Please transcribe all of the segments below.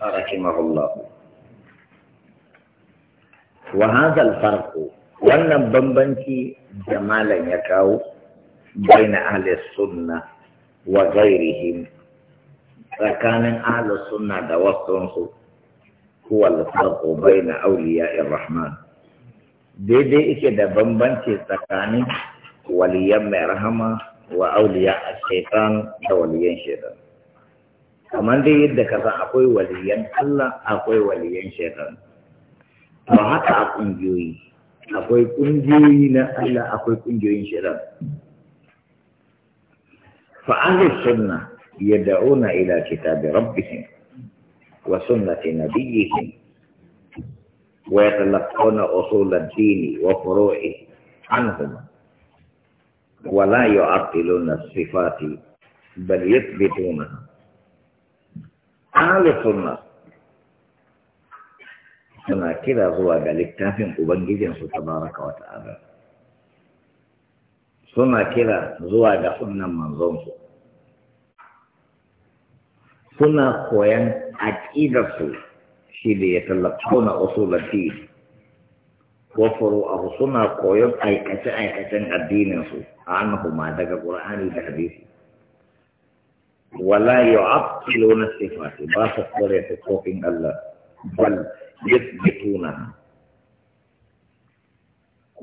rahimahullah wa وهذا الفرق wannan bambanci jamalan ya kawo baina ahli sunna wa ghairihim tsakanin ahli sunna da wasunsu huwa al-farq baina awliya'ir rahman daidai yake da bambanci tsakanin waliyan mai rahama wa awliya shaitan da waliyan shaitan kamar dai yadda ka san akwai waliyan Allah akwai waliyan shaitan to haka a kungiyoyi akwai kungiyoyi na Allah akwai kungiyoyin shaitan fa ahli sunna yad'una ila kitabi rabbihim wa sunnati nabiyihim wa yatalaqawna usul ad-din wa furu'i anhum wa la yu'attiluna sifati bal yuthbitunaha ahlus suna kira zuwa ga littafin ubangijinsu baraka wa ta'ala suna kira zuwa ga sunnan manzonsu suna koyan aƙidarsu shi da ya tallafuna usulati ko furu'ahu suna koyon aikace-aikacen addininsu a annahu ma daga ƙur'ani da hadisi ولا يعطلون الصفات باس قرية الكوفين الله بل يثبتونها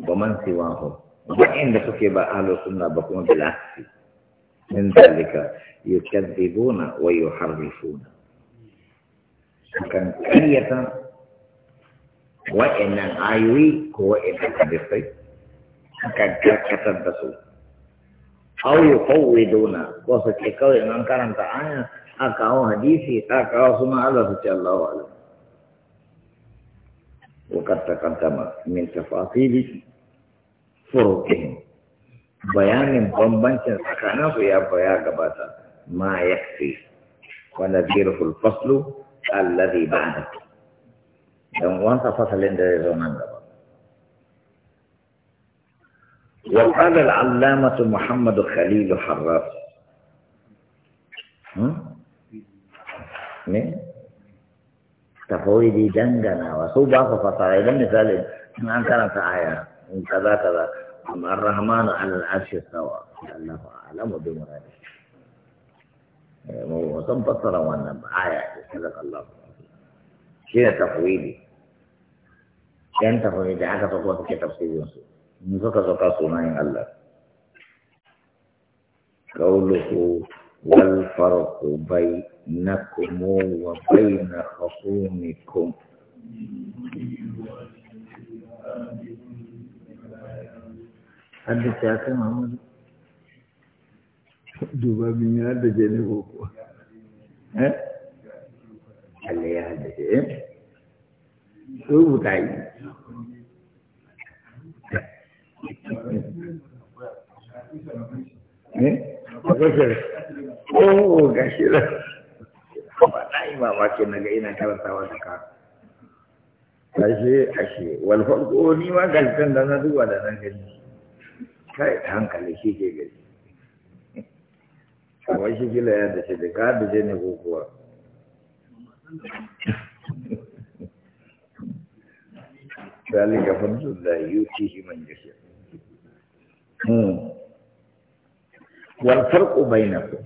ومن سواه وإن كتب أهل السنة بكون بالعكس من ذلك يكذبون ويحرفون كان كرية وإن آيوي هو إن حديثي كان كتب aw yufawwiduna ko su ce kawai nan karanta aya aka kawo hadisi aka kawo suna Allah su ce Allahu alam وقد تقدم من تفاصيل فروقهم bayanin bambancin su ya baya gabata ma ya fi wanda zira fulfaslu allazi ba Dan don wanta fasalin da ya zo nan gaba وقال العلامة محمد خليل حراس هم؟ مين؟ نعم. تفوي دي جنجنا وسو باقو فصار إذا مثال أنا كان في آية كذا كذا الرحمن على العرش استوى الله أعلم بمراده اه، وسم فصل وانا آية جزاك الله شنو تفويلي؟ كان تفويلي حتى تقوى في كتاب سيدي مسلم in suka saka sunayen Allah قوله والفرق بينكم وبين خصومكم حدث يا محمد duba min ya da je ne boko eh Allah ya da je rubuta yi ne eh? a kasar oh gashi da ba na yi mamaki na ga ina karantawa da ka ashe ashe wal farko ni ma galtan da na duba da nan gani kai hankali shi ke gani kamar shi gila ya da shi da ka da je ne ko kuwa ذلك فضل الله يؤتيه man يشاء Hmm. wantar ku bai na ku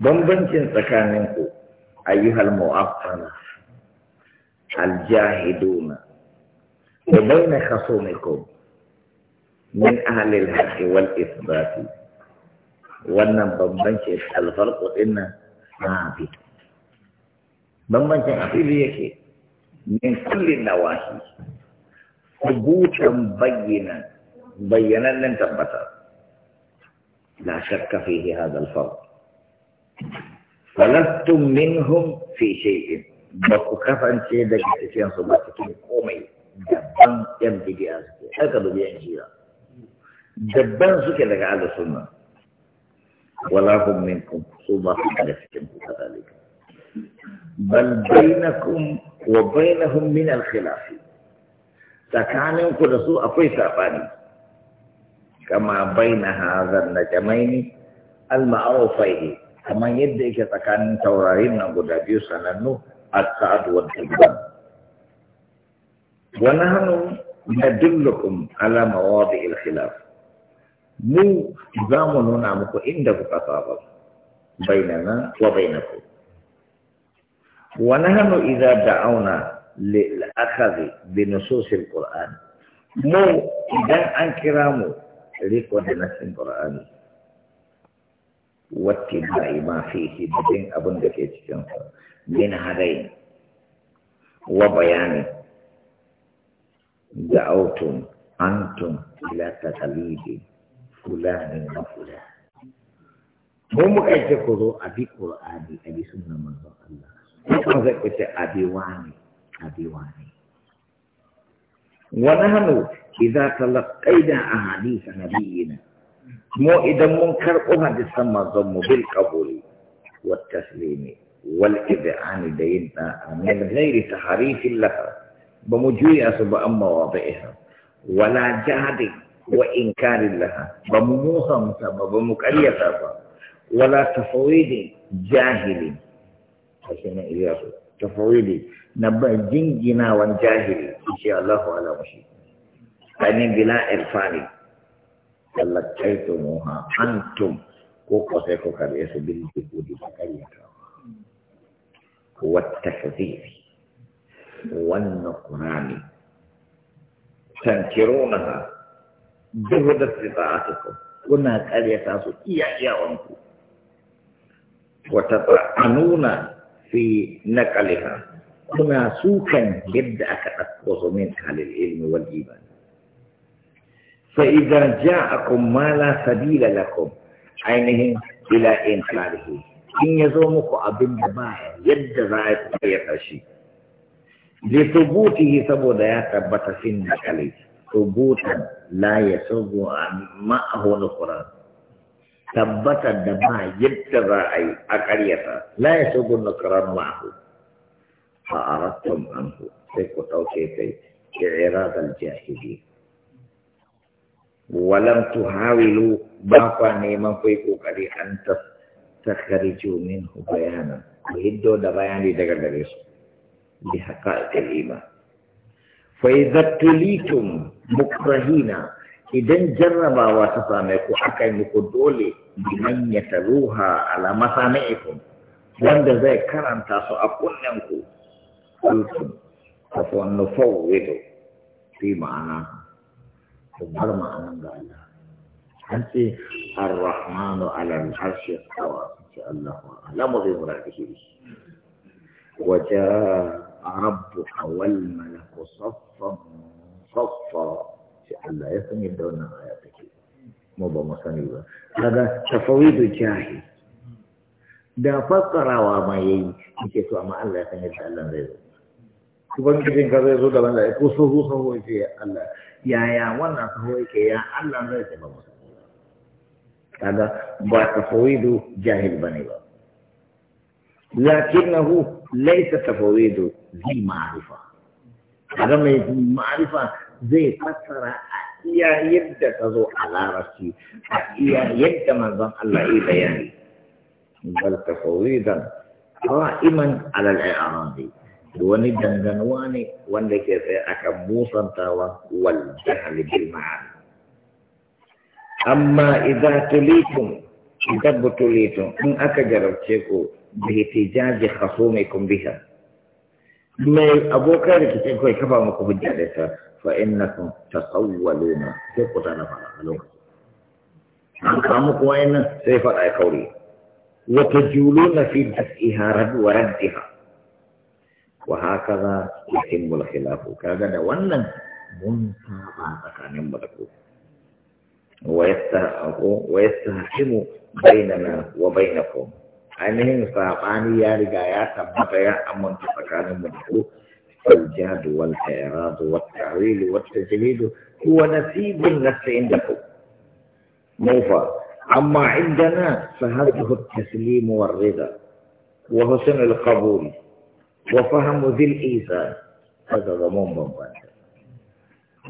bambancin tsakaninku ayyuhal mu'affana aljahiduna wa bayna khasumikum min ahli al-haqq wal ithbat wannan bambanci al-farqu inna nabi bambancin afili yake min kulli nawahi hubutan bayyinan بينا لن تبتا لا شك فيه هذا الفرق فلستم منهم في شيء وكفى أن شيء ذلك تكين صباتكين قومي جبان يمدي بأسكي حتى بدي أنشيرا جبان سكي لك على السنة ولا هم منكم على لكم كذلك بل بينكم وبينهم من الخلاف تكانوا كل سوء أقوي ساباني كما بين هذا النجمين المعروفين كما يدعي كتكان تورارين نقول أبيو سننو السعد والحبان ونحن ندلكم على مواضع الخلاف مو زامن نعمكم عندك تفاضل بيننا وبينكم ونحن إذا دعونا للأخذ بنصوص القرآن مو إذا أنكرامو riko da nasin qur'ani wattiba'i ma fi da bin abin da ke cikin sa min harai wa bayani autum antum ila taqlidi fulanin wa fulani mun kai ce ku zo a bi qur'ani a bi sunnan manzon Allah kuma zai ku ce a bi wani a bi wani ونحن إذا تلقينا أحاديث نبينا مو إذا منكر أحد سمى ضم بالقبول والتسليم والإذعان ديننا من غير تحريف لها بمجوية سبأ مواضعها ولا جهد وإنكار لها بموهم سبب بمكرية ولا تفويض جاهل حسين إلياسو tafawili na jinginawan jahili insha Allahu ala mushi kani bila irfani tallaqaitumuha antum ko ko sai ko kare su bil jihudi da karyata wa takdhib wan qurani tankirunaha juhudat sifatikum kuna karyata su iya iyawanku wa tata'anuna fi naqaliha kuna sukan yadda aka ɗauko su min halil ilmi wal iman fa idza ja'akum ma la sabila lakum ainihin ila inqalihi in zo muku abin da ba yadda za a ku ya kashi li thubutihi saboda ya tabbata fin naqali thubutan la yasubu ma'ahu al-quran tabbatar da ba yadda za a yi a ƙaryata la ya shogun na karan ma'ahu fa arattum anhu sai ku ɗauke kai i'radal jahili walam tuhawilu ba kwa neman kai kokari an ta takhariju minhu bayanan ku hiddo da bayani daga gare su bi haqa'iqil iman fa idza tulitum mukrahina idan jarrabawa ta same ku aka yi muku dole biman ya taruha ala masami'ikum wanda zai karanta su a kunnen ku kultum ta fa nufawwidu fi ma'ana ku bar ma'anan ga Allah an ce ar-rahmanu ala al-arshi tawa ce Allah wa mu alamu bi muradihi wa jaa rabbuka wal malaku saffan saffa shi Allah ya san yadda wannan aya take mu ba mu sani ba kaga tafawidu jahi da ma yayi yake to amma Allah ya Allah zai zo ka zai zo da wanda ko sahu sahu yake Allah yaya wannan sahu yake ya Allah zai ce ba mu kaga ba tafawidu jahil bane ba lakinnahu laysa tafawidu zil ma'rifa kaga mai ma'rifa zai fassara a iya yadda ta zo a larabci a iya yadda manzon Allah ya bayani bal tafawidan iman ala al-i'radi wani danganuwa ne wanda ke sai akan musantawa wal jahl bil ma'ani amma idza idan in aka jarabce ku bi tijaji khasumikum biha mai abokan rikicin kawai kafa muku hujja da ta فإنكم تصولون كيف قتانا فعلا نعم، ملوك عن قاموك وإن سيفة آي قولي وتجولون في دفئها رد وردها وهكذا يتم الخلاف كذا دولا منتابا كان يمبتكو ويستهكم بيننا وبينكم أنهم سأقاني يا رجايا سبب يا أمون تفكان يمبتكو الجاد والإعراض والتعويل والتجليد هو نسيب النفس عندكم موفى أما عندنا فهذه التسليم والرضا وحسن القبول وفهم ذي الإيثار هذا ضمون مباشر